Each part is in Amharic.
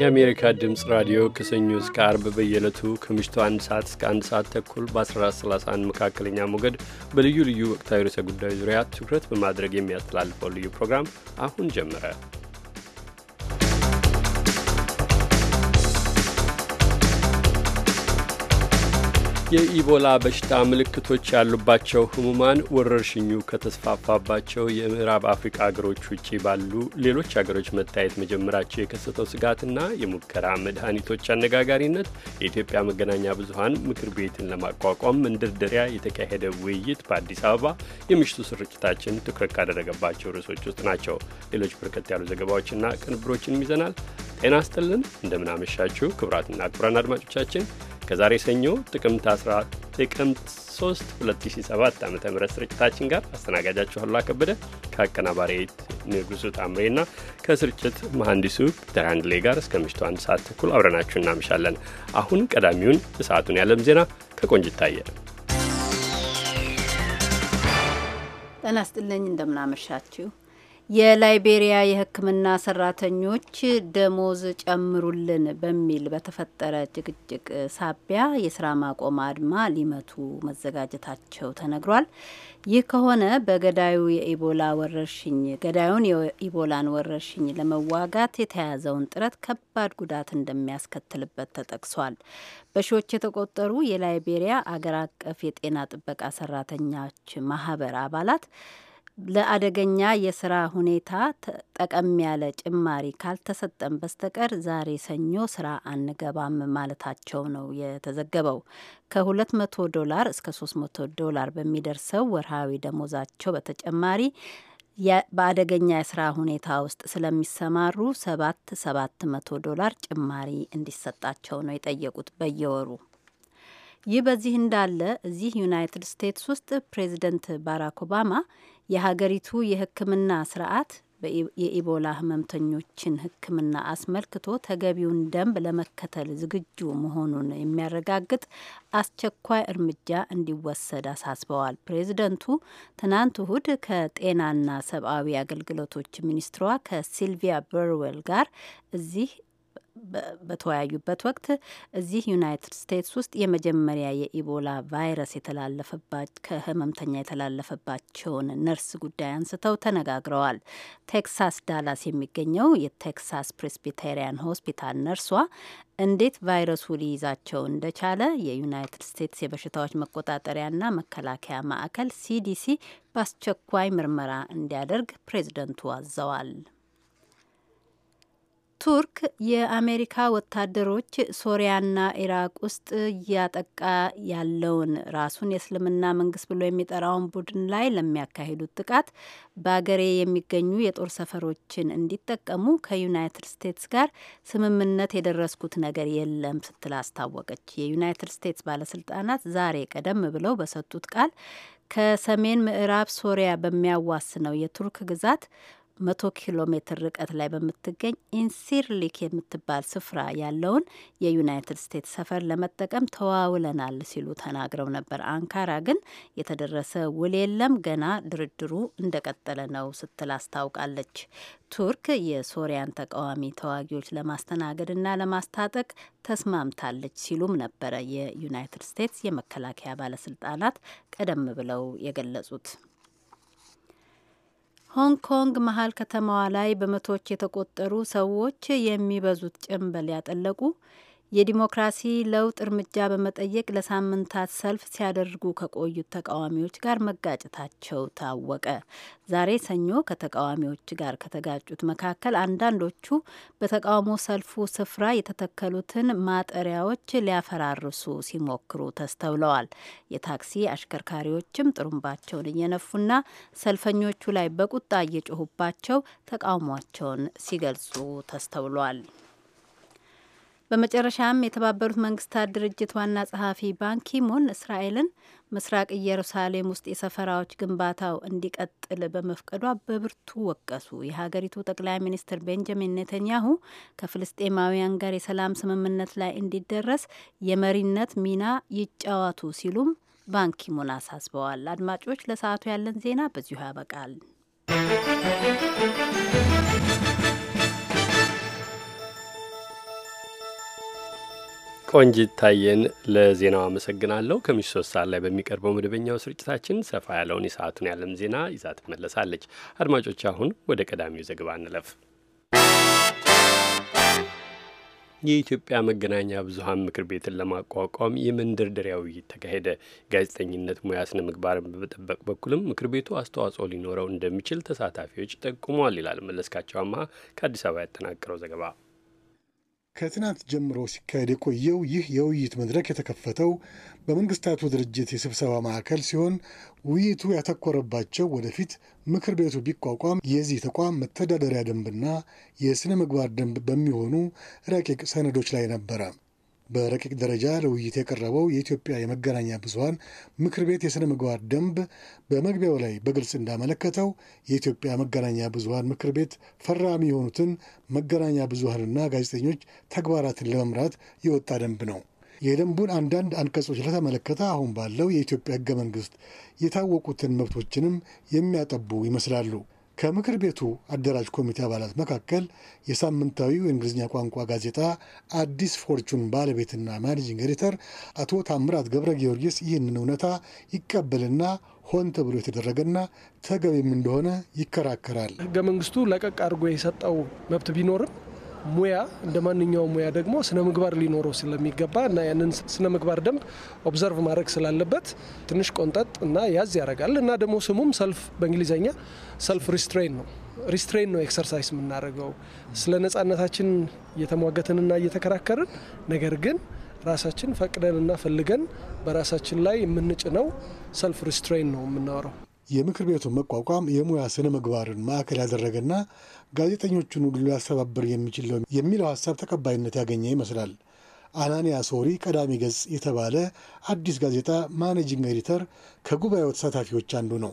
የአሜሪካ ድምፅ ራዲዮ ከሰኞ እስከ አርብ በየዕለቱ ከምሽቱ አንድ ሰዓት እስከ አንድ ሰዓት ተኩል በ1431 መካከለኛ ሞገድ በልዩ ልዩ ወቅታዊ ርዕሰ ጉዳዮች ዙሪያ ትኩረት በማድረግ የሚያስተላልፈው ልዩ ፕሮግራም አሁን ጀመረ። የኢቦላ በሽታ ምልክቶች ያሉባቸው ህሙማን ወረርሽኙ ከተስፋፋባቸው የምዕራብ አፍሪካ አገሮች ውጪ ባሉ ሌሎች አገሮች መታየት መጀመራቸው የከሰተው ስጋትና የሙከራ መድኃኒቶች አነጋጋሪነት የኢትዮጵያ መገናኛ ብዙሀን ምክር ቤትን ለማቋቋም መንደርደሪያ የተካሄደ ውይይት በአዲስ አበባ የምሽቱ ስርጭታችን ትኩረት ካደረገባቸው ርዕሶች ውስጥ ናቸው። ሌሎች በርከት ያሉ ዘገባዎችና ቅንብሮችንም ይዘናል። ጤና ይስጥልን፣ እንደምናመሻችሁ ክቡራትና ክቡራን አድማጮቻችን ከዛሬ ሰኞ ጥቅምት 3 2007 ዓ ም ስርጭታችን ጋር አስተናጋጃችኋሉ አከበደ ከበደ ከአቀናባሪት ንጉሱ ና ከስርጭት መሐንዲሱ ፒተር ሃንድሌ ጋር እስከ ምሽቱ አንድ ሰዓት ተኩል አብረናችሁ እናምሻለን። አሁን ቀዳሚውን እሰዓቱን ያለም ዜና ከቆንጅ ይታየ ጤና ይስጥልኝ። እንደምናመሻችሁ የላይቤሪያ የሕክምና ሰራተኞች ደሞዝ ጨምሩልን በሚል በተፈጠረ ጭቅጭቅ ሳቢያ የስራ ማቆም አድማ ሊመቱ መዘጋጀታቸው ተነግሯል። ይህ ከሆነ በገዳዩ የኢቦላ ወረርሽኝ ገዳዩን የኢቦላን ወረርሽኝ ለመዋጋት የተያዘውን ጥረት ከባድ ጉዳት እንደሚያስከትልበት ተጠቅሷል። በሺዎች የተቆጠሩ የላይቤሪያ አገር አቀፍ የጤና ጥበቃ ሰራተኞች ማህበር አባላት ለአደገኛ የስራ ሁኔታ ጠቀም ያለ ጭማሪ ካልተሰጠን በስተቀር ዛሬ ሰኞ ስራ አንገባም ማለታቸው ነው የተዘገበው። ከ200 ዶላር እስከ 300 ዶላር በሚደርሰው ወርሃዊ ደሞዛቸው በተጨማሪ በአደገኛ የስራ ሁኔታ ውስጥ ስለሚሰማሩ ሰባት ሰባት መቶ ዶላር ጭማሪ እንዲሰጣቸው ነው የጠየቁት በየወሩ። ይህ በዚህ እንዳለ እዚህ ዩናይትድ ስቴትስ ውስጥ ፕሬዚደንት ባራክ ኦባማ የሀገሪቱ የሕክምና ስርዓት የኢቦላ ህመምተኞችን ሕክምና አስመልክቶ ተገቢውን ደንብ ለመከተል ዝግጁ መሆኑን የሚያረጋግጥ አስቸኳይ እርምጃ እንዲወሰድ አሳስበዋል። ፕሬዚደንቱ ትናንት እሁድ ከጤናና ሰብአዊ አገልግሎቶች ሚኒስትሯ ከሲልቪያ በርዌል ጋር እዚህ በተወያዩበት ወቅት እዚህ ዩናይትድ ስቴትስ ውስጥ የመጀመሪያ የኢቦላ ቫይረስ የተላለፈባት ከህመምተኛ የተላለፈባቸውን ነርስ ጉዳይ አንስተው ተነጋግረዋል። ቴክሳስ ዳላስ የሚገኘው የቴክሳስ ፕሬስቢቴሪያን ሆስፒታል ነርሷ እንዴት ቫይረሱ ሊይዛቸው እንደቻለ የዩናይትድ ስቴትስ የበሽታዎች መቆጣጠሪያና መከላከያ ማዕከል ሲዲሲ በአስቸኳይ ምርመራ እንዲያደርግ ፕሬዝደንቱ አዘዋል። ቱርክ የአሜሪካ ወታደሮች ሶሪያና ኢራቅ ውስጥ እያጠቃ ያለውን ራሱን የእስልምና መንግስት ብሎ የሚጠራውን ቡድን ላይ ለሚያካሂዱት ጥቃት በአገሬ የሚገኙ የጦር ሰፈሮችን እንዲጠቀሙ ከዩናይትድ ስቴትስ ጋር ስምምነት የደረስኩት ነገር የለም ስትል አስታወቀች። የዩናይትድ ስቴትስ ባለስልጣናት ዛሬ ቀደም ብለው በሰጡት ቃል ከሰሜን ምዕራብ ሶሪያ በሚያዋስነው የቱርክ ግዛት መቶ ኪሎ ሜትር ርቀት ላይ በምትገኝ ኢንሲርሊክ የምትባል ስፍራ ያለውን የዩናይትድ ስቴትስ ሰፈር ለመጠቀም ተዋውለናል ሲሉ ተናግረው ነበር። አንካራ ግን የተደረሰ ውል የለም፣ ገና ድርድሩ እንደቀጠለ ነው ስትል አስታውቃለች። ቱርክ የሶሪያን ተቃዋሚ ተዋጊዎች ለማስተናገድና ለማስታጠቅ ተስማምታለች ሲሉም ነበረ የዩናይትድ ስቴትስ የመከላከያ ባለስልጣናት ቀደም ብለው የገለጹት። ሆንግ ኮንግ መሀል ከተማዋ ላይ በመቶዎች የተቆጠሩ ሰዎች የሚበዙት ጭንብል ያጠለቁ የዲሞክራሲ ለውጥ እርምጃ በመጠየቅ ለሳምንታት ሰልፍ ሲያደርጉ ከቆዩት ተቃዋሚዎች ጋር መጋጨታቸው ታወቀ። ዛሬ ሰኞ ከተቃዋሚዎች ጋር ከተጋጩት መካከል አንዳንዶቹ በተቃውሞ ሰልፉ ስፍራ የተተከሉትን ማጠሪያዎች ሊያፈራርሱ ሲሞክሩ ተስተውለዋል። የታክሲ አሽከርካሪዎችም ጥሩምባቸውን እየነፉና ሰልፈኞቹ ላይ በቁጣ እየጮሁባቸው ተቃውሟቸውን ሲገልጹ ተስተውሏል። በመጨረሻም የተባበሩት መንግስታት ድርጅት ዋና ጸሐፊ ባንኪሙን እስራኤልን ምስራቅ ኢየሩሳሌም ውስጥ የሰፈራዎች ግንባታው እንዲቀጥል በመፍቀዷ በብርቱ ወቀሱ። የሀገሪቱ ጠቅላይ ሚኒስትር ቤንጃሚን ኔተንያሁ ከፍልስጤማውያን ጋር የሰላም ስምምነት ላይ እንዲደረስ የመሪነት ሚና ይጫወቱ ሲሉም ባንኪሙን አሳስበዋል። አድማጮች፣ ለሰዓቱ ያለን ዜና በዚሁ ያበቃል። ቆንጂት ታየን ለዜናው አመሰግናለሁ። ከምሽቱ ሶስት ሰዓት ላይ በሚቀርበው መደበኛው ስርጭታችን ሰፋ ያለውን የሰዓቱን ያለም ዜና ይዛ ትመለሳለች። አድማጮች፣ አሁን ወደ ቀዳሚው ዘገባ እንለፍ። የኢትዮጵያ መገናኛ ብዙኃን ምክር ቤትን ለማቋቋም የመንደርደሪያ ውይይት ተካሄደ። ጋዜጠኝነት ሙያ ስነ ምግባርን በመጠበቅ በኩልም ምክር ቤቱ አስተዋጽኦ ሊኖረው እንደሚችል ተሳታፊዎች ጠቁመዋል ይላል መለስካቸው አማሃ ከአዲስ አበባ ያጠናቀረው ዘገባ። ከትናንት ጀምሮ ሲካሄድ የቆየው ይህ የውይይት መድረክ የተከፈተው በመንግስታቱ ድርጅት የስብሰባ ማዕከል ሲሆን ውይይቱ ያተኮረባቸው ወደፊት ምክር ቤቱ ቢቋቋም የዚህ ተቋም መተዳደሪያ ደንብና የሥነ ምግባር ደንብ በሚሆኑ ረቂቅ ሰነዶች ላይ ነበረ። በረቂቅ ደረጃ ለውይይት የቀረበው የኢትዮጵያ የመገናኛ ብዙሀን ምክር ቤት የሥነ ምግባር ደንብ በመግቢያው ላይ በግልጽ እንዳመለከተው የኢትዮጵያ መገናኛ ብዙሀን ምክር ቤት ፈራሚ የሆኑትን መገናኛ ብዙሀንና ጋዜጠኞች ተግባራትን ለመምራት የወጣ ደንብ ነው። የደንቡን አንዳንድ አንቀጾች ለተመለከተ አሁን ባለው የኢትዮጵያ ሕገ መንግሥት የታወቁትን መብቶችንም የሚያጠቡ ይመስላሉ። ከምክር ቤቱ አደራጅ ኮሚቴ አባላት መካከል የሳምንታዊው የእንግሊዝኛ ቋንቋ ጋዜጣ አዲስ ፎርቹን ባለቤትና ማኔጂንግ ኤዲተር አቶ ታምራት ገብረ ጊዮርጊስ ይህንን እውነታ ይቀበልና ሆን ተብሎ የተደረገና ተገቢም እንደሆነ ይከራከራል። ህገ መንግስቱ ለቀቅ አድርጎ የሰጠው መብት ቢኖርም ሙያ እንደ ማንኛውም ሙያ ደግሞ ስነ ምግባር ሊኖረው ስለሚገባ እና ያንን ስነ ምግባር ደንብ ኦብዘርቭ ማድረግ ስላለበት ትንሽ ቆንጠጥ እና ያዝ ያደርጋል እና ደግሞ ስሙም ሰልፍ በእንግሊዝኛ ሰልፍ ሪስትሬን ነው። ሪስትሬን ነው ኤክሰርሳይስ የምናደርገው ስለ ነጻነታችን እየተሟገትንና እየተከራከርን ነገር ግን ራሳችን ፈቅደንና ፈልገን በራሳችን ላይ ነው ሰልፍ ሪስትሬን ነው የምናወረው። የምክር ቤቱን መቋቋም የሙያ ስነ ምግባርን ማዕከል ያደረገና ጋዜጠኞቹን ሁሉ ሊያስተባብር የሚችለው የሚለው ሀሳብ ተቀባይነት ያገኘ ይመስላል። አናንያ ሶሪ ቀዳሚ ገጽ የተባለ አዲስ ጋዜጣ ማኔጂንግ ኤዲተር ከጉባኤው ተሳታፊዎች አንዱ ነው።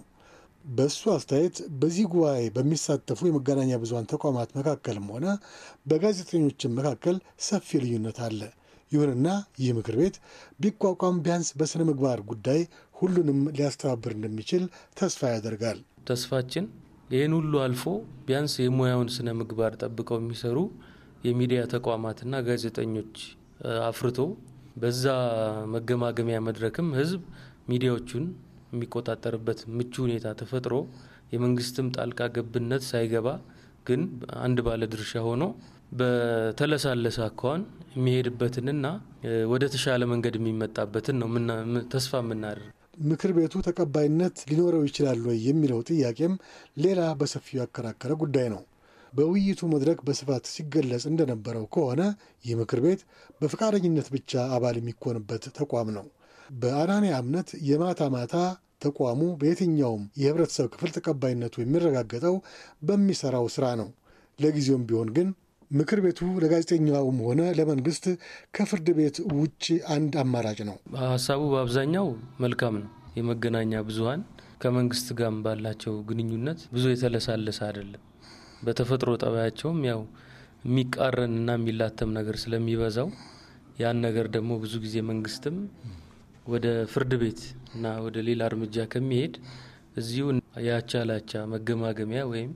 በእሱ አስተያየት በዚህ ጉባኤ በሚሳተፉ የመገናኛ ብዙን ተቋማት መካከልም ሆነ በጋዜጠኞችን መካከል ሰፊ ልዩነት አለ። ይሁንና ይህ ምክር ቤት ቢቋቋም ቢያንስ በሥነ ምግባር ጉዳይ ሁሉንም ሊያስተባብር እንደሚችል ተስፋ ያደርጋል። ተስፋችን ይህን ሁሉ አልፎ ቢያንስ የሙያውን ስነ ምግባር ጠብቀው የሚሰሩ የሚዲያ ተቋማትና ጋዜጠኞች አፍርቶ በዛ መገማገሚያ መድረክም ህዝብ ሚዲያዎቹን የሚቆጣጠርበት ምቹ ሁኔታ ተፈጥሮ የመንግስትም ጣልቃ ገብነት ሳይገባ ግን አንድ ባለ ድርሻ ሆኖ በተለሳለሰ አኳን የሚሄድበትንና ወደ ተሻለ መንገድ የሚመጣበትን ነው ተስፋ የምናደርግ ምክር ቤቱ ተቀባይነት ሊኖረው ይችላል ወይ የሚለው ጥያቄም ሌላ በሰፊው ያከራከረ ጉዳይ ነው። በውይይቱ መድረክ በስፋት ሲገለጽ እንደነበረው ከሆነ ይህ ምክር ቤት በፈቃደኝነት ብቻ አባል የሚኮንበት ተቋም ነው። በአናንያ እምነት የማታ ማታ ተቋሙ በየትኛውም የህብረተሰብ ክፍል ተቀባይነቱ የሚረጋገጠው በሚሰራው ስራ ነው። ለጊዜውም ቢሆን ግን ምክር ቤቱ ለጋዜጠኛውም ሆነ ለመንግስት ከፍርድ ቤት ውጭ አንድ አማራጭ ነው። ሀሳቡ በአብዛኛው መልካም ነው። የመገናኛ ብዙሀን ከመንግስት ጋር ባላቸው ግንኙነት ብዙ የተለሳለሰ አይደለም። በተፈጥሮ ጠባያቸውም ያው የሚቃረን ና የሚላተም ነገር ስለሚበዛው ያን ነገር ደግሞ ብዙ ጊዜ መንግስትም ወደ ፍርድ ቤት እና ወደ ሌላ እርምጃ ከሚሄድ እዚሁ የአቻ ላቻ መገማገሚያ ወይም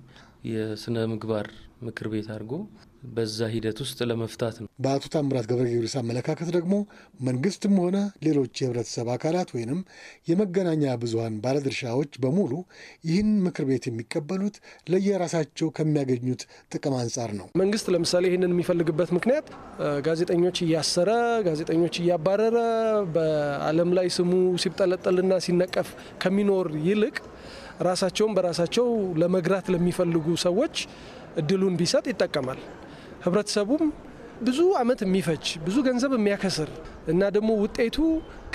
የስነ ምግባር ምክር ቤት አድርጎ በዛ ሂደት ውስጥ ለመፍታት ነው። በአቶ ታምራት ገብረ ጊዮርጊስ አመለካከት ደግሞ መንግስትም ሆነ ሌሎች የህብረተሰብ አካላት ወይንም የመገናኛ ብዙሀን ባለድርሻዎች በሙሉ ይህን ምክር ቤት የሚቀበሉት ለየራሳቸው ከሚያገኙት ጥቅም አንጻር ነው። መንግስት ለምሳሌ ይህንን የሚፈልግበት ምክንያት ጋዜጠኞች እያሰረ ጋዜጠኞች እያባረረ በዓለም ላይ ስሙ ሲብጠለጠልና ሲነቀፍ ከሚኖር ይልቅ ራሳቸውን በራሳቸው ለመግራት ለሚፈልጉ ሰዎች እድሉን ቢሰጥ ይጠቀማል። ህብረተሰቡም ብዙ አመት የሚፈጅ ብዙ ገንዘብ የሚያከስር እና ደግሞ ውጤቱ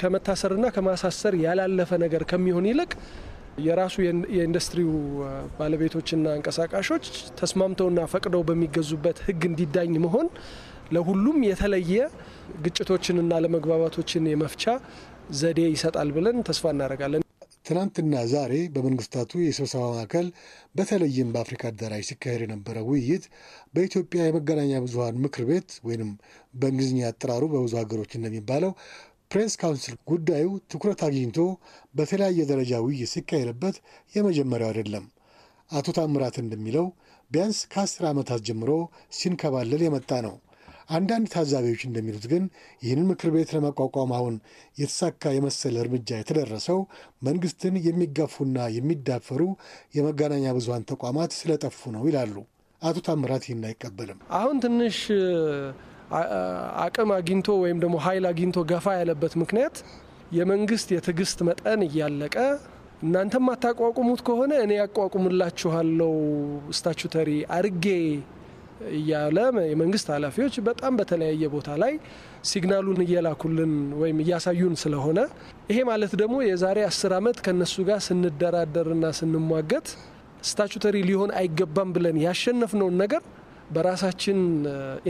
ከመታሰርና ከማሳሰር ያላለፈ ነገር ከሚሆን ይልቅ የራሱ የኢንዱስትሪው ባለቤቶችና አንቀሳቃሾች ተስማምተውና ፈቅደው በሚገዙበት ህግ እንዲዳኝ መሆን ለሁሉም የተለየ ግጭቶችንና ለመግባባቶችን የመፍቻ ዘዴ ይሰጣል ብለን ተስፋ እናደርጋለን። ትናንትና ዛሬ በመንግስታቱ የስብሰባ ማዕከል በተለይም በአፍሪካ አዳራሽ ሲካሄድ የነበረው ውይይት በኢትዮጵያ የመገናኛ ብዙሀን ምክር ቤት ወይም በእንግሊዝኛ አጠራሩ በብዙ ሀገሮች እንደሚባለው ፕሬስ ካውንስል ጉዳዩ ትኩረት አግኝቶ በተለያየ ደረጃ ውይይት ሲካሄድበት የመጀመሪያው አይደለም። አቶ ታምራት እንደሚለው ቢያንስ ከአስር ዓመታት ጀምሮ ሲንከባለል የመጣ ነው። አንዳንድ ታዛቢዎች እንደሚሉት ግን ይህንን ምክር ቤት ለማቋቋም አሁን የተሳካ የመሰለ እርምጃ የተደረሰው መንግስትን የሚጋፉና የሚዳፈሩ የመገናኛ ብዙሀን ተቋማት ስለጠፉ ነው ይላሉ። አቶ ታምራት ይህን አይቀበልም። አሁን ትንሽ አቅም አግኝቶ ወይም ደግሞ ኃይል አግኝቶ ገፋ ያለበት ምክንያት የመንግስት የትዕግስት መጠን እያለቀ እናንተም አታቋቁሙት ከሆነ እኔ ያቋቁምላችኋለው ስታቹተሪ አርጌ እያለ የመንግስት ኃላፊዎች በጣም በተለያየ ቦታ ላይ ሲግናሉን እየላኩልን ወይም እያሳዩን ስለሆነ ይሄ ማለት ደግሞ የዛሬ አስር ዓመት ከእነሱ ጋር ስንደራደርና ስንሟገት ስታቹተሪ ሊሆን አይገባም ብለን ያሸነፍነውን ነገር በራሳችን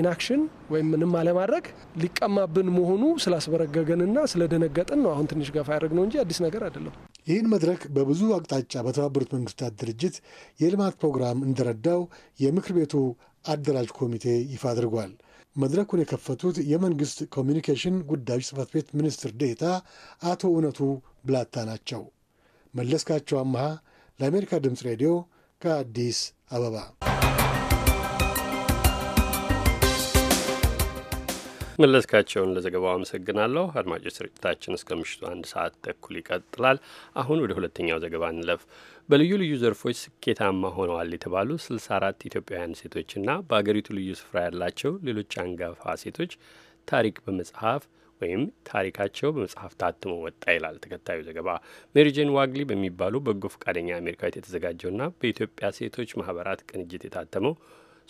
ኢናክሽን uh, ወይም ምንም አለማድረግ ሊቀማብን መሆኑ ስላስበረገገንና ስለደነገጥን ነው አሁን ትንሽ ገፋ ያደረግ ነው እንጂ አዲስ ነገር አይደለም። ይህን መድረክ በብዙ አቅጣጫ በተባበሩት መንግስታት ድርጅት የልማት ፕሮግራም እንደረዳው የምክር ቤቱ አደራጅ ኮሚቴ ይፋ አድርጓል። መድረኩን የከፈቱት የመንግስት ኮሚኒኬሽን ጉዳዮች ጽህፈት ቤት ሚኒስትር ዴታ አቶ እውነቱ ብላታ ናቸው። መለስካቸው አመሃ ለአሜሪካ ድምፅ ሬዲዮ ከአዲስ አበባ መለስካቸውን ለዘገባው አመሰግናለሁ። አድማጮች ስርጭታችን እስከ ምሽቱ አንድ ሰዓት ተኩል ይቀጥላል። አሁን ወደ ሁለተኛው ዘገባ እንለፍ። በልዩ ልዩ ዘርፎች ስኬታማ ሆነዋል የተባሉ 64 ኢትዮጵያውያን ሴቶችና በአገሪቱ ልዩ ስፍራ ያላቸው ሌሎች አንጋፋ ሴቶች ታሪክ በመጽሐፍ ወይም ታሪካቸው በመጽሐፍ ታትሞ ወጣ ይላል ተከታዩ ዘገባ። ሜሪጄን ዋግሊ በሚባሉ በጎ ፈቃደኛ አሜሪካዊት የተዘጋጀውና በኢትዮጵያ ሴቶች ማህበራት ቅንጅት የታተመው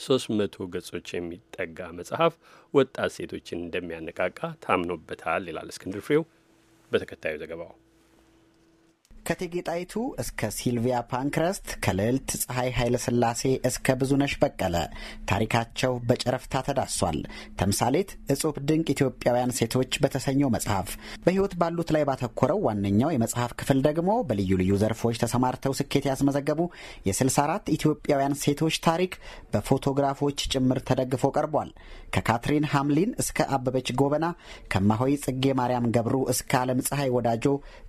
ሶስት መቶ ገጾች የሚጠጋ መጽሐፍ ወጣት ሴቶችን እንደሚያነቃቃ ታምኖበታል ይላል እስክንድር ፍሬው በተከታዩ ዘገባው። ከእቴጌ ጣይቱ እስከ ሲልቪያ ፓንክረስት ከልዕልት ፀሐይ ኃይለሥላሴ እስከ ብዙነሽ በቀለ ታሪካቸው በጨረፍታ ተዳሷል። ተምሳሌት እጹብ ድንቅ ኢትዮጵያውያን ሴቶች በተሰኘው መጽሐፍ በሕይወት ባሉት ላይ ባተኮረው ዋነኛው የመጽሐፍ ክፍል ደግሞ በልዩ ልዩ ዘርፎች ተሰማርተው ስኬት ያስመዘገቡ የ64 ኢትዮጵያውያን ሴቶች ታሪክ በፎቶግራፎች ጭምር ተደግፎ ቀርቧል። ከካትሪን ሐምሊን እስከ አበበች ጎበና፣ ከማሆይ ጽጌ ማርያም ገብሩ እስከ ዓለም ፀሐይ ወዳጆ፣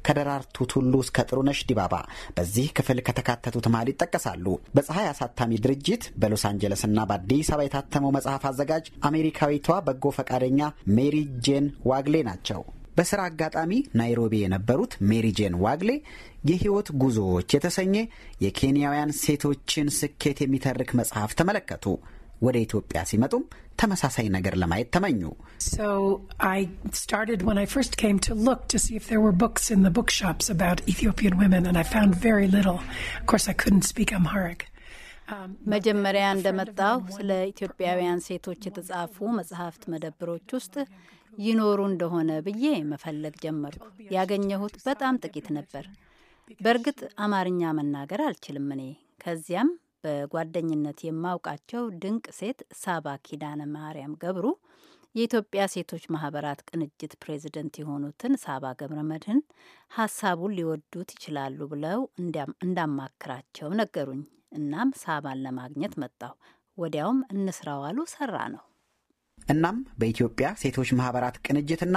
ከደራርቱ ቱሉ እስከ ነሽ ዲባባ በዚህ ክፍል ከተካተቱ ተማሪ ይጠቀሳሉ። በፀሐይ አሳታሚ ድርጅት በሎስ አንጀለስና በአዲስ አበባ የታተመው መጽሐፍ አዘጋጅ አሜሪካዊቷ በጎ ፈቃደኛ ሜሪ ጄን ዋግሌ ናቸው። በስራ አጋጣሚ ናይሮቢ የነበሩት ሜሪ ጄን ዋግሌ የህይወት ጉዞዎች የተሰኘ የኬንያውያን ሴቶችን ስኬት የሚተርክ መጽሐፍ ተመለከቱ። ወደ ኢትዮጵያ ሲመጡም ተመሳሳይ ነገር ለማየት ተመኙ። um, መጀመሪያ እንደመጣሁ ስለ ኢትዮጵያውያን ሴቶች የተጻፉ መጽሐፍት መደብሮች ውስጥ ይኖሩ እንደሆነ ብዬ መፈለግ ጀመርኩ። ያገኘሁት በጣም ጥቂት ነበር። በእርግጥ አማርኛ መናገር አልችልም እኔ ከዚያም በጓደኝነት የማውቃቸው ድንቅ ሴት ሳባ ኪዳነ ማርያም ገብሩ የኢትዮጵያ ሴቶች ማህበራት ቅንጅት ፕሬዚደንት የሆኑትን ሳባ ገብረ መድህን ሀሳቡን ሊወዱት ይችላሉ ብለው እንዳማክራቸው ነገሩኝ። እናም ሳባን ለማግኘት መጣሁ። ወዲያውም እንስራዋሉ ሰራ ነው። እናም በኢትዮጵያ ሴቶች ማህበራት ቅንጅትና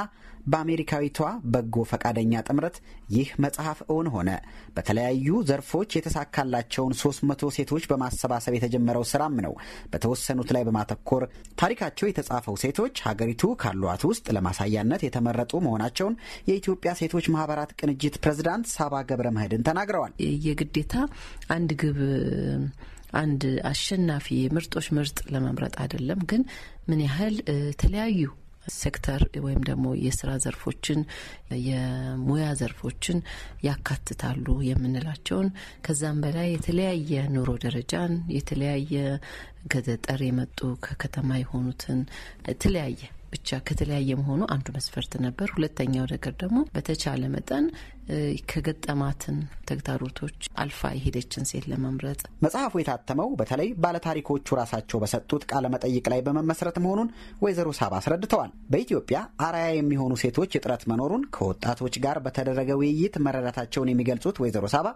በአሜሪካዊቷ በጎ ፈቃደኛ ጥምረት ይህ መጽሐፍ እውን ሆነ። በተለያዩ ዘርፎች የተሳካላቸውን 300 ሴቶች በማሰባሰብ የተጀመረው ስራም ነው በተወሰኑት ላይ በማተኮር ታሪካቸው የተጻፈው ሴቶች ሀገሪቱ ካሏት ውስጥ ለማሳያነት የተመረጡ መሆናቸውን የኢትዮጵያ ሴቶች ማህበራት ቅንጅት ፕሬዝዳንት ሳባ ገብረ መድህን ተናግረዋል። የግዴታ አንድ ግብ አንድ አሸናፊ ምርጦች ምርጥ ለመምረጥ አይደለም፣ ግን ምን ያህል የተለያዩ ሴክተር ወይም ደግሞ የስራ ዘርፎችን የሙያ ዘርፎችን ያካትታሉ የምንላቸውን ከዛም በላይ የተለያየ ኑሮ ደረጃን የተለያየ ገዘጠር የመጡ ከከተማ የሆኑትን የተለያየ ብቻ ከተለያየ መሆኑ አንዱ መስፈርት ነበር። ሁለተኛው ነገር ደግሞ በተቻለ መጠን ከገጠማትን ተግዳሮቶች አልፋ የሄደችን ሴት ለመምረጥ መጽሐፉ የታተመው በተለይ ባለታሪኮቹ ራሳቸው በሰጡት ቃለ መጠይቅ ላይ በመመስረት መሆኑን ወይዘሮ ሳባ አስረድተዋል። በኢትዮጵያ አራያ የሚሆኑ ሴቶች እጥረት መኖሩን ከወጣቶች ጋር በተደረገ ውይይት መረዳታቸውን የሚገልጹት ወይዘሮ ሳባ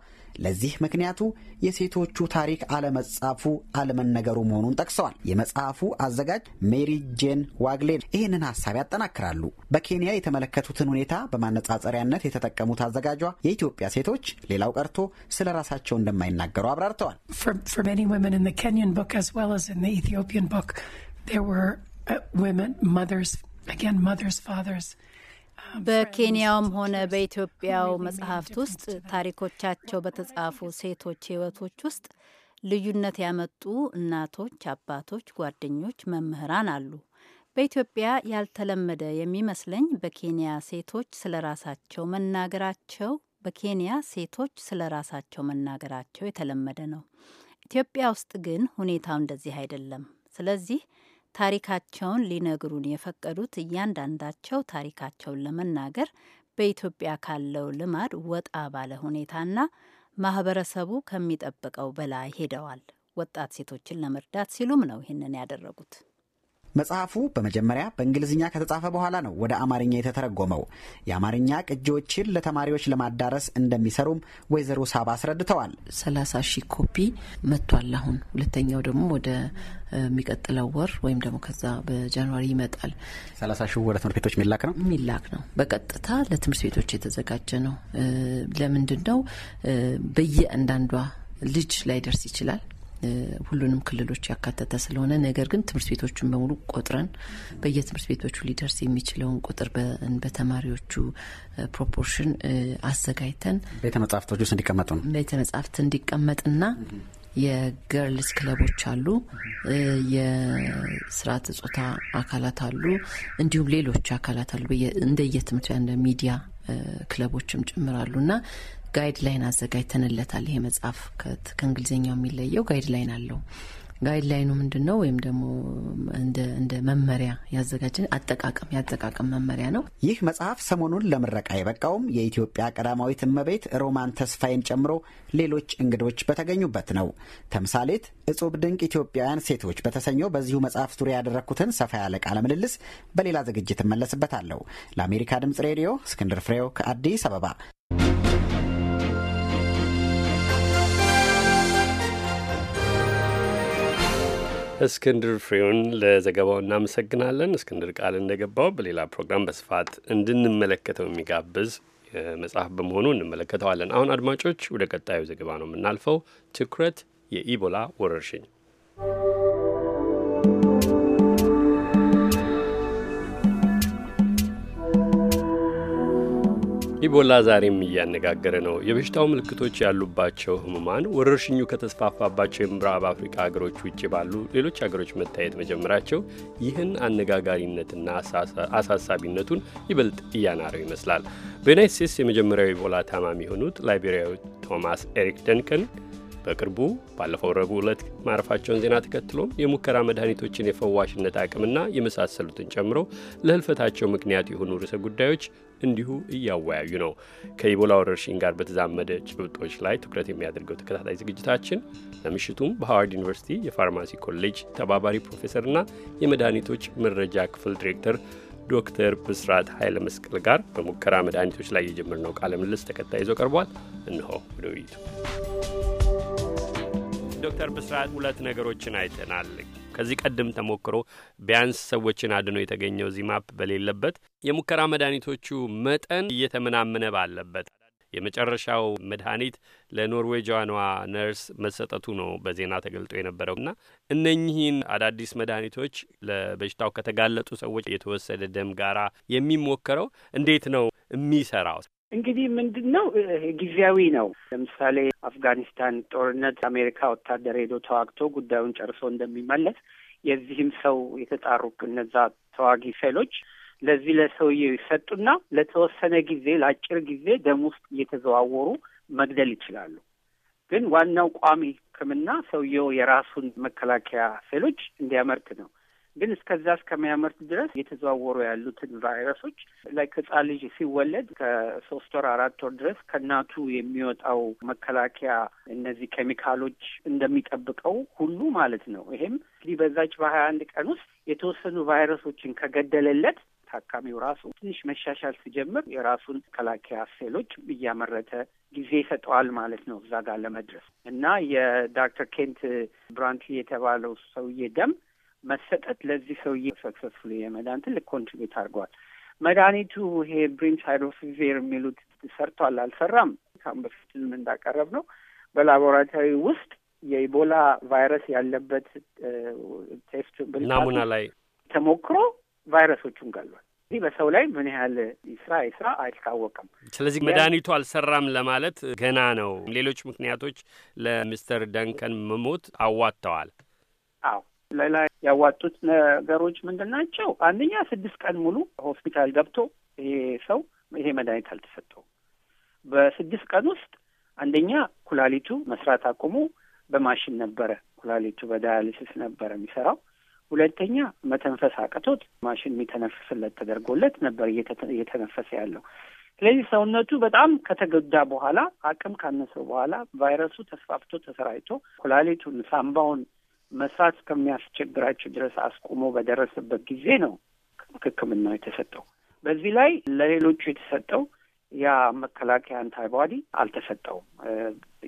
ለዚህ ምክንያቱ የሴቶቹ ታሪክ አለመጻፉ አለመነገሩ መሆኑን ጠቅሰዋል። የመጽሐፉ አዘጋጅ ሜሪ ጄን ዋግሌ ይህንን ሀሳብ ያጠናክራሉ። በኬንያ የተመለከቱትን ሁኔታ በማነጻጸሪያነት የተጠቀሙት አዘጋጅ አዘጋጇ የኢትዮጵያ ሴቶች ሌላው ቀርቶ ስለ ራሳቸው እንደማይናገሩ አብራርተዋል። በኬንያውም ሆነ በኢትዮጵያው መጽሐፍት ውስጥ ታሪኮቻቸው በተጻፉ ሴቶች ሕይወቶች ውስጥ ልዩነት ያመጡ እናቶች፣ አባቶች፣ ጓደኞች፣ መምህራን አሉ። በኢትዮጵያ ያልተለመደ የሚመስለኝ በኬንያ ሴቶች ስለ ራሳቸው መናገራቸው በኬንያ ሴቶች ስለ ራሳቸው መናገራቸው የተለመደ ነው። ኢትዮጵያ ውስጥ ግን ሁኔታው እንደዚህ አይደለም። ስለዚህ ታሪካቸውን ሊነግሩን የፈቀዱት እያንዳንዳቸው ታሪካቸውን ለመናገር በኢትዮጵያ ካለው ልማድ ወጣ ባለ ሁኔታና ማህበረሰቡ ከሚጠብቀው በላይ ሄደዋል። ወጣት ሴቶችን ለመርዳት ሲሉም ነው ይህንን ያደረጉት። መጽሐፉ በመጀመሪያ በእንግሊዝኛ ከተጻፈ በኋላ ነው ወደ አማርኛ የተተረጎመው። የአማርኛ ቅጂዎችን ለተማሪዎች ለማዳረስ እንደሚሰሩም ወይዘሮ ሳባ አስረድተዋል። ሰላሳ ሺህ ኮፒ መጥቷል። አሁን ሁለተኛው ደግሞ ወደ የሚቀጥለው ወር ወይም ደግሞ ከዛ በጃንዋሪ ይመጣል። ሰላሳ ሺህ ወደ ትምህርት ቤቶች የሚላክ ነው የሚላክ ነው። በቀጥታ ለትምህርት ቤቶች የተዘጋጀ ነው። ለምንድን ነው እንዳንዷ ልጅ ላይ ደርስ ይችላል ሁሉንም ክልሎች ያካተተ ስለሆነ ነገር ግን ትምህርት ቤቶቹን በሙሉ ቆጥረን በየትምህርት ቤቶቹ ሊደርስ የሚችለውን ቁጥር በተማሪዎቹ ፕሮፖርሽን አዘጋጅተን ቤተ መጽሀፍቶች ውስጥ እንዲቀመጡ ነው። ቤተ መጽሀፍት እንዲቀመጥና የገርልስ ክለቦች አሉ፣ የስርዓተ ጾታ አካላት አሉ፣ እንዲሁም ሌሎች አካላት አሉ እንደየትምህርት እንደ ሚዲያ ክለቦችም ና ጋይድ ላይን አዘጋጅተንለታል። ይሄ መጽሐፍ ከእንግሊዝኛው የሚለየው ጋይድ ላይን አለው። ጋይድላይኑ ምንድን ነው ወይም ደግሞ እንደ መመሪያ ያዘጋጀን አጠቃቀም የአጠቃቀም መመሪያ ነው። ይህ መጽሐፍ ሰሞኑን ለምረቃ የበቃውም የኢትዮጵያ ቀዳማዊት እመቤት ሮማን ተስፋዬን ጨምሮ ሌሎች እንግዶች በተገኙበት ነው። ተምሳሌት እጹብ ድንቅ ኢትዮጵያውያን ሴቶች በተሰኘው በዚሁ መጽሐፍ ዙሪያ ያደረግኩትን ሰፋ ያለ ቃለ ምልልስ በሌላ ዝግጅት እመለስበታለሁ። ለአሜሪካ ድምጽ ሬዲዮ እስክንድር ፍሬው ከአዲስ አበባ እስክንድር ፍሬውን ለዘገባው እናመሰግናለን። እስክንድር ቃል እንደገባው በሌላ ፕሮግራም በስፋት እንድንመለከተው የሚጋብዝ መጽሐፍ በመሆኑ እንመለከተዋለን። አሁን አድማጮች፣ ወደ ቀጣዩ ዘገባ ነው የምናልፈው። ትኩረት የኢቦላ ወረርሽኝ ኢቦላ ዛሬም እያነጋገረ ነው። የበሽታው ምልክቶች ያሉባቸው ህሙማን ወረርሽኙ ከተስፋፋባቸው የምዕራብ አፍሪካ ሀገሮች ውጭ ባሉ ሌሎች ሀገሮች መታየት መጀመራቸው ይህን አነጋጋሪነትና አሳሳቢነቱን ይበልጥ እያናረው ይመስላል። በዩናይት ስቴትስ የመጀመሪያው ኢቦላ ታማሚ የሆኑት ላይቤሪያዊ ቶማስ ኤሪክ ደንከን በቅርቡ ባለፈው ረቡዕ ዕለት ማረፋቸውን ዜና ተከትሎም የሙከራ መድኃኒቶችን የፈዋሽነት አቅምና የመሳሰሉትን ጨምሮ ለህልፈታቸው ምክንያት የሆኑ ርዕሰ ጉዳዮች እንዲሁ እያወያዩ ነው። ከኢቦላ ወረርሽኝ ጋር በተዛመደ ጭብጦች ላይ ትኩረት የሚያደርገው ተከታታይ ዝግጅታችን ለምሽቱም በሃዋርድ ዩኒቨርሲቲ የፋርማሲ ኮሌጅ ተባባሪ ፕሮፌሰርና የመድኃኒቶች መረጃ ክፍል ዲሬክተር ዶክተር ብስራት ኃይለ መስቀል ጋር በሙከራ መድኃኒቶች ላይ የጀመርነው ቃለ ምልልስ ተከታይ ይዞ ቀርቧል። እንሆ ወደ ውይይቱ ዶክተር ብስራት ሁለት ነገሮችን አይተናል። ከዚህ ቀደም ተሞክሮ ቢያንስ ሰዎችን አድኖ የተገኘው ዚማፕ በሌለበት የሙከራ መድኃኒቶቹ መጠን እየተመናመነ ባለበት የመጨረሻው መድኃኒት ለኖርዌጃኗ ነርስ መሰጠቱ ነው በዜና ተገልጦ የነበረው እና እነኚህን አዳዲስ መድኃኒቶች ለበሽታው ከተጋለጡ ሰዎች የተወሰደ ደም ጋራ የሚሞከረው እንዴት ነው የሚሰራው? እንግዲህ ምንድን ነው ጊዜያዊ ነው። ለምሳሌ አፍጋኒስታን ጦርነት አሜሪካ ወታደር ሄዶ ተዋግቶ ጉዳዩን ጨርሶ እንደሚመለስ የዚህም ሰው የተጣሩ እነዛ ተዋጊ ሴሎች ለዚህ ለሰውዬው ይሰጡና ለተወሰነ ጊዜ ለአጭር ጊዜ ደም ውስጥ እየተዘዋወሩ መግደል ይችላሉ። ግን ዋናው ቋሚ ሕክምና ሰውየው የራሱን መከላከያ ሴሎች እንዲያመርት ነው። ግን እስከዛ እስከሚያመርት ድረስ እየተዘዋወሩ ያሉትን ቫይረሶች ላይ ሕፃን ልጅ ሲወለድ ከሶስት ወር አራት ወር ድረስ ከእናቱ የሚወጣው መከላከያ እነዚህ ኬሚካሎች እንደሚጠብቀው ሁሉ ማለት ነው። ይሄም እንግዲህ በዛች በሀያ አንድ ቀን ውስጥ የተወሰኑ ቫይረሶችን ከገደለለት ታካሚው ራሱ ትንሽ መሻሻል ሲጀምር የራሱን መከላከያ ሴሎች እያመረተ ጊዜ ይሰጠዋል ማለት ነው እዛ ጋር ለመድረስ እና የዳክተር ኬንት ብራንትሊ የተባለው ሰውዬ ደም መሰጠት ለዚህ ሰውዬ ሰክሰስፉል የመዳን ትልቅ ኮንትሪቢዩት አድርጓል። መድኃኒቱ ይሄ ብሪን ሳይዶሲቪር የሚሉት ሰርቷል አልሰራም፣ ካሁን በፊትም እንዳቀረብ ነው በላቦራቶሪ ውስጥ የኢቦላ ቫይረስ ያለበት ቴስት ናሙና ላይ ተሞክሮ ቫይረሶቹን ገሏል። እዚህ በሰው ላይ ምን ያህል ይስራ ይስራ አይታወቅም። ስለዚህ መድኃኒቱ አልሰራም ለማለት ገና ነው። ሌሎች ምክንያቶች ለሚስተር ደንከን መሞት አዋጥተዋል። አዎ ላይ ያዋጡት ነገሮች ምንድን ናቸው? አንደኛ ስድስት ቀን ሙሉ ሆስፒታል ገብቶ ይሄ ሰው ይሄ መድኃኒት አልተሰጠው። በስድስት ቀን ውስጥ አንደኛ ኩላሊቱ መስራት አቁሞ በማሽን ነበረ ኩላሊቱ በዳያሊሲስ ነበረ የሚሰራው። ሁለተኛ መተንፈስ አቅቶት ማሽን የሚተነፍስለት ተደርጎለት ነበር እየተነፈሰ ያለው። ስለዚህ ሰውነቱ በጣም ከተጎዳ በኋላ አቅም ካነሰው በኋላ ቫይረሱ ተስፋፍቶ ተሰራጭቶ ኩላሊቱን ሳምባውን መስራት እስከሚያስቸግራቸው ድረስ አስቆሞ በደረሰበት ጊዜ ነው ሕክምናው የተሰጠው። በዚህ ላይ ለሌሎቹ የተሰጠው ያ መከላከያ አንታይባዲ አልተሰጠውም።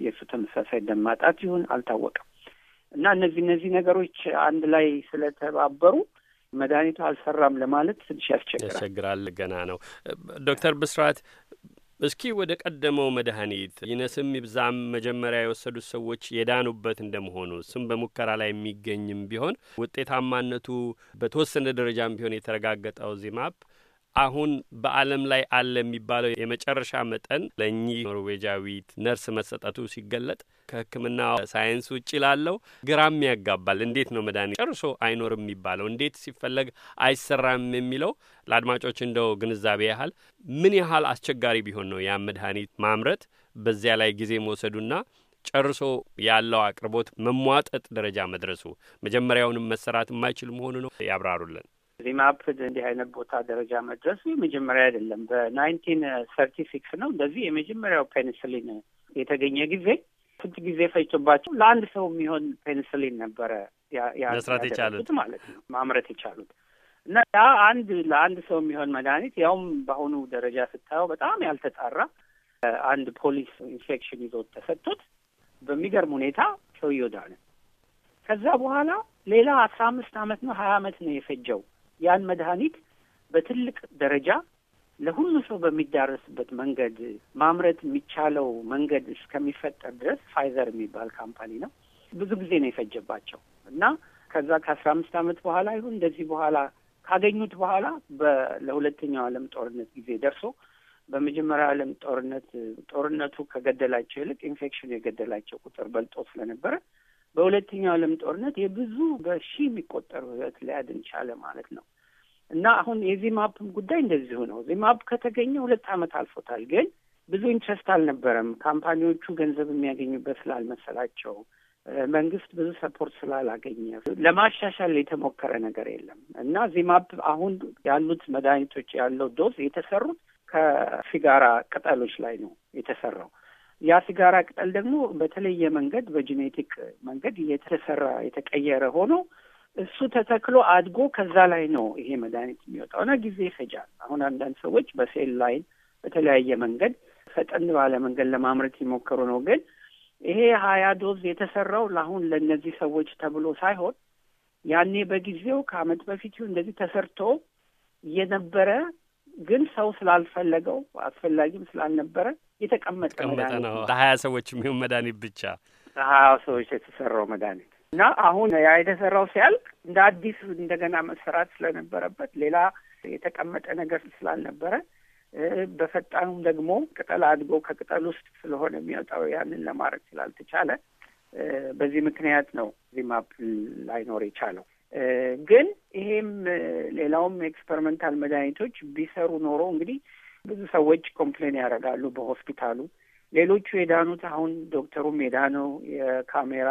የእሱ ተመሳሳይ ደም ማጣት ይሁን አልታወቀም። እና እነዚህ እነዚህ ነገሮች አንድ ላይ ስለተባበሩ መድኃኒቱ አልሰራም ለማለት ትንሽ ያስቸግራል። ያስቸግራል ገና ነው ዶክተር ብስራት እስኪ ወደ ቀደመው መድኃኒት ይነስም ይብዛም መጀመሪያ የወሰዱት ሰዎች የዳኑበት እንደመሆኑ ስም በሙከራ ላይ የሚገኝም ቢሆን ውጤታማነቱ በተወሰነ ደረጃም ቢሆን የተረጋገጠው ዚማፕ አሁን በዓለም ላይ አለ የሚባለው የመጨረሻ መጠን ለእኚህ ኖርዌጃዊት ነርስ መሰጠቱ ሲገለጥ ከሕክምና ሳይንስ ውጭ ላለው ግራም ያጋባል። እንዴት ነው መድኃኒት ጨርሶ አይኖርም የሚባለው? እንዴት ሲፈለግ አይሰራም የሚለው ለአድማጮች እንደው ግንዛቤ ያህል ምን ያህል አስቸጋሪ ቢሆን ነው ያ መድኃኒት ማምረት በዚያ ላይ ጊዜ መውሰዱና ጨርሶ ያለው አቅርቦት መሟጠጥ ደረጃ መድረሱ መጀመሪያውንም መሰራት የማይችል መሆኑ ነው ያብራሩልን። ሪማፕድ እንዲህ አይነት ቦታ ደረጃ መድረሱ የመጀመሪያ አይደለም። በናይንቲን ሰርቲ ሲክስ ነው እንደዚህ የመጀመሪያው ፔንስሊን የተገኘ ጊዜ ስንት ጊዜ ፈጅቶባቸው ለአንድ ሰው የሚሆን ፔንስሊን ነበረ መስራት የቻሉት ማለት ነው ማምረት የቻሉት እና ያ አንድ ለአንድ ሰው የሚሆን መድኃኒት ያውም በአሁኑ ደረጃ ስታየው በጣም ያልተጣራ አንድ ፖሊስ ኢንፌክሽን ይዞት ተሰጥቶት በሚገርም ሁኔታ ሰው ዳነ። ከዛ በኋላ ሌላ አስራ አምስት አመት ነው ሀያ አመት ነው የፈጀው ያን መድኃኒት በትልቅ ደረጃ ለሁሉ ሰው በሚዳረስበት መንገድ ማምረት የሚቻለው መንገድ እስከሚፈጠር ድረስ ፋይዘር የሚባል ካምፓኒ ነው። ብዙ ጊዜ ነው የፈጀባቸው እና ከዛ ከአስራ አምስት ዓመት በኋላ ይሁን እንደዚህ በኋላ ካገኙት በኋላ ለሁለተኛው ዓለም ጦርነት ጊዜ ደርሶ በመጀመሪያ ዓለም ጦርነት ጦርነቱ ከገደላቸው ይልቅ ኢንፌክሽን የገደላቸው ቁጥር በልጦ ስለነበረ በሁለተኛው ዓለም ጦርነት የብዙ በሺህ የሚቆጠሩ ሕይወት ሊያድን ቻለ ማለት ነው። እና አሁን የዚማፕም ጉዳይ እንደዚሁ ነው። ዚማፕ ከተገኘ ሁለት ዓመት አልፎታል፣ ግን ብዙ ኢንትረስት አልነበረም። ካምፓኒዎቹ ገንዘብ የሚያገኙበት ስላልመሰላቸው፣ መንግስት ብዙ ሰፖርት ስላላገኘ ለማሻሻል የተሞከረ ነገር የለም እና ዚማፕ አሁን ያሉት መድኃኒቶች ያለው ዶዝ የተሰሩት ከሲጋራ ቅጠሎች ላይ ነው የተሰራው። ያ ሲጋራ ቅጠል ደግሞ በተለየ መንገድ በጂኔቲክ መንገድ የተሰራ የተቀየረ ሆኖ እሱ ተተክሎ አድጎ ከዛ ላይ ነው ይሄ መድኃኒት የሚወጣውና ጊዜ ይፈጃል። አሁን አንዳንድ ሰዎች በሴል ላይን በተለያየ መንገድ ፈጠን ባለ መንገድ ለማምረት የሞከሩ ነው። ግን ይሄ ሀያ ዶዝ የተሰራው ለአሁን ለእነዚህ ሰዎች ተብሎ ሳይሆን ያኔ በጊዜው ከአመት በፊት እንደዚህ ተሰርቶ የነበረ ግን ሰው ስላልፈለገው አስፈላጊም ስላልነበረ የተቀመጠ መድኃኒት ለሀያ ሰዎች የሚሆን መድኃኒት ብቻ ለሀያ ሰዎች የተሰራው መድኃኒት እና አሁን ያ የተሰራው ሲያልቅ እንደ አዲስ እንደገና መሰራት ስለነበረበት ሌላ የተቀመጠ ነገር ስላልነበረ በፈጣኑም ደግሞ ቅጠል አድጎ ከቅጠል ውስጥ ስለሆነ የሚወጣው ያንን ለማድረግ ስላልተቻለ በዚህ ምክንያት ነው ዚማፕ ላይኖር የቻለው። ግን ይሄም ሌላውም ኤክስፐሪመንታል መድኃኒቶች ቢሰሩ ኖሮ እንግዲህ ብዙ ሰዎች ኮምፕሌን ያደርጋሉ በሆስፒታሉ ሌሎቹ የዳኑት አሁን ዶክተሩም የዳነው የካሜራ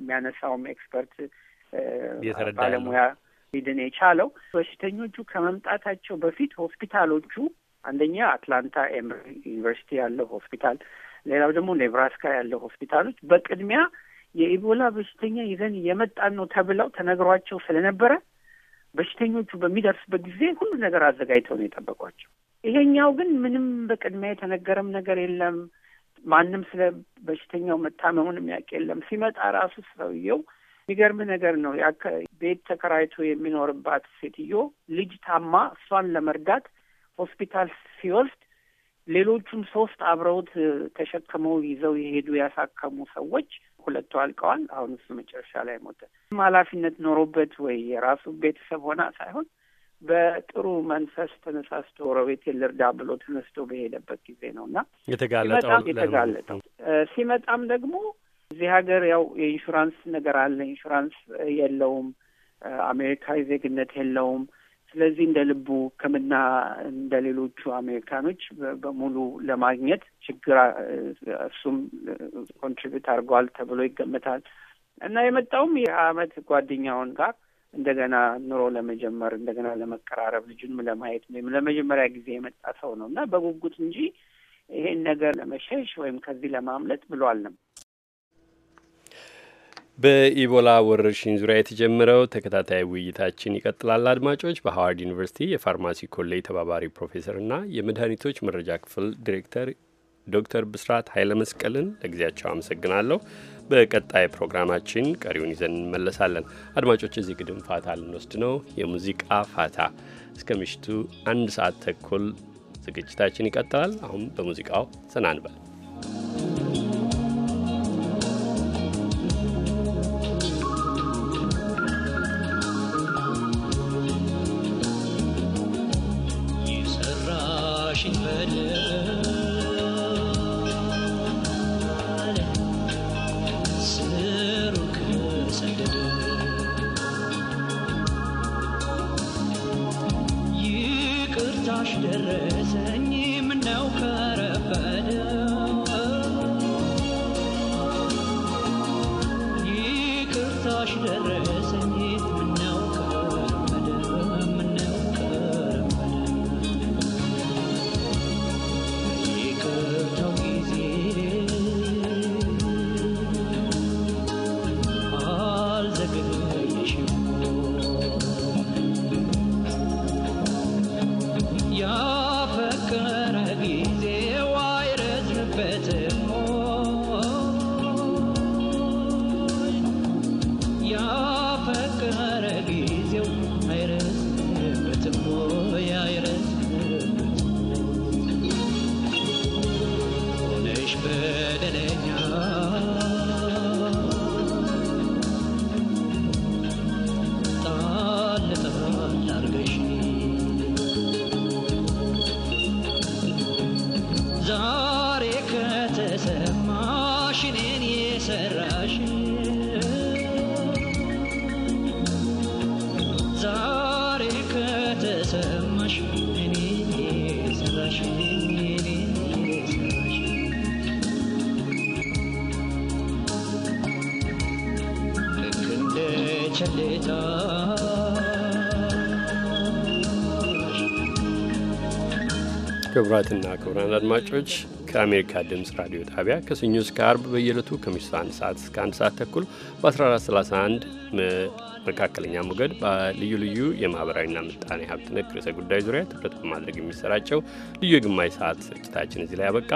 የሚያነሳውም ኤክስፐርት ባለሙያ ሊድን የቻለው በሽተኞቹ ከመምጣታቸው በፊት ሆስፒታሎቹ አንደኛ አትላንታ ኤምሪ ዩኒቨርሲቲ ያለው ሆስፒታል፣ ሌላው ደግሞ ኔብራስካ ያለው ሆስፒታሎች በቅድሚያ የኢቦላ በሽተኛ ይዘን እየመጣን ነው ተብለው ተነግሯቸው ስለነበረ በሽተኞቹ በሚደርስበት ጊዜ ሁሉ ነገር አዘጋጅተው ነው የጠበቋቸው። ይሄኛው ግን ምንም በቅድሚያ የተነገረም ነገር የለም። ማንም ስለ በሽተኛው መታመሙን የሚያውቅ የለም። ሲመጣ ራሱ ሰውየው የሚገርም ነገር ነው። ቤት ተከራይቶ የሚኖርባት ሴትዮ ልጅ ታማ እሷን ለመርዳት ሆስፒታል ሲወስድ ሌሎቹም ሶስት አብረውት ተሸክመው ይዘው የሄዱ ያሳከሙ ሰዎች ሁለቱ አልቀዋል። አሁን እሱ መጨረሻ ላይ ሞተ። ኃላፊነት ኖሮበት ወይ የራሱ ቤተሰብ ሆና ሳይሆን በጥሩ መንፈስ ተነሳስቶ ጎረቤቴን ልርዳ ብሎ ተነስቶ በሄደበት ጊዜ ነው እና የተጋለጠው የተጋለጠው ሲመጣም ደግሞ እዚህ ሀገር ያው የኢንሹራንስ ነገር አለ። ኢንሹራንስ የለውም፣ አሜሪካዊ ዜግነት የለውም። ስለዚህ እንደ ልቡ ሕክምና እንደ ሌሎቹ አሜሪካኖች በሙሉ ለማግኘት ችግር እሱም ኮንትሪቢዩት አድርገዋል ተብሎ ይገመታል እና የመጣውም የዓመት ጓደኛውን ጋር እንደገና ኑሮ ለመጀመር እንደገና ለመቀራረብ ልጁንም ለማየት ወይም ለመጀመሪያ ጊዜ የመጣ ሰው ነው እና በጉጉት እንጂ ይሄን ነገር ለመሸሽ ወይም ከዚህ ለማምለጥ ብሎ አልነም። በኢቦላ ወረርሽኝ ዙሪያ የተጀመረው ተከታታይ ውይይታችን ይቀጥላል። አድማጮች በሀዋርድ ዩኒቨርሲቲ የፋርማሲ ኮሌጅ ተባባሪ ፕሮፌሰርና የመድኃኒቶች መረጃ ክፍል ዲሬክተር ዶክተር ብስራት ኃይለ መስቀልን ለጊዜያቸው አመሰግናለሁ። በቀጣይ ፕሮግራማችን ቀሪውን ይዘን እንመለሳለን። አድማጮች፣ እዚህ ግድም ፋታ ልንወስድ ነው። የሙዚቃ ፋታ እስከ ምሽቱ አንድ ሰዓት ተኩል ዝግጅታችን ይቀጥላል። አሁን በሙዚቃው ሰናንበል። ክቡራትና ክቡራን አድማጮች ከአሜሪካ ድምፅ ራዲዮ ጣቢያ ከሰኞ እስከ አርብ በየዕለቱ ከምሽቱ አንድ ሰዓት እስከ አንድ ሰዓት ተኩል በ1431 መካከለኛ ሞገድ በልዩ ልዩ የማህበራዊና ምጣኔ ሀብት ነክ ርዕሰ ጉዳይ ዙሪያ ትኩረት በማድረግ የሚሰራጨው ልዩ የግማሽ ሰዓት ስርጭታችን እዚህ ላይ ያበቃ።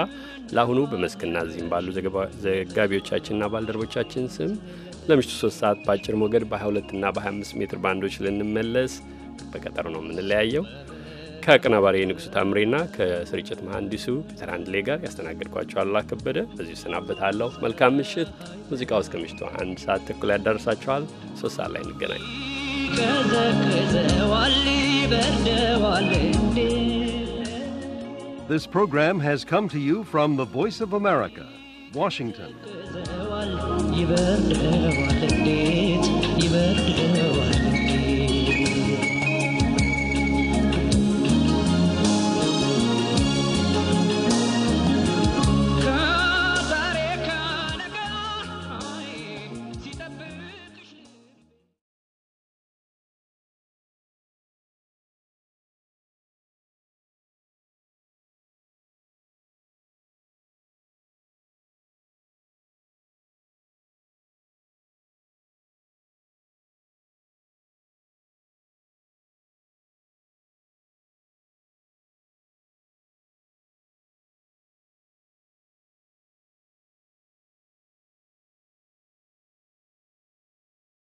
ለአሁኑ በመስክና እዚህም ባሉ ዘጋቢዎቻችንና ባልደረቦቻችን ስም ለምሽቱ ሶስት ሰዓት በአጭር ሞገድ በ22 እና በ25 ሜትር ባንዶች ልንመለስ በቀጠሮ ነው የምንለያየው። ከአቀናባሪ ንጉሱ ታምሬና ከስርጭት መሐንዲሱ ፒተር አንድሌ ጋር ያስተናገድኳቸው አሉላ ከበደ በዚሁ እሰናበታለሁ። መልካም ምሽት። ሙዚቃ እስከ ምሽቱ አንድ ሰዓት ተኩል ያዳርሳችኋል። ሶስት ሰዓት ላይ እንገናኝ። This program has come to you from the Voice of America, Washington. what it is, you better know what it is, you better know what it is.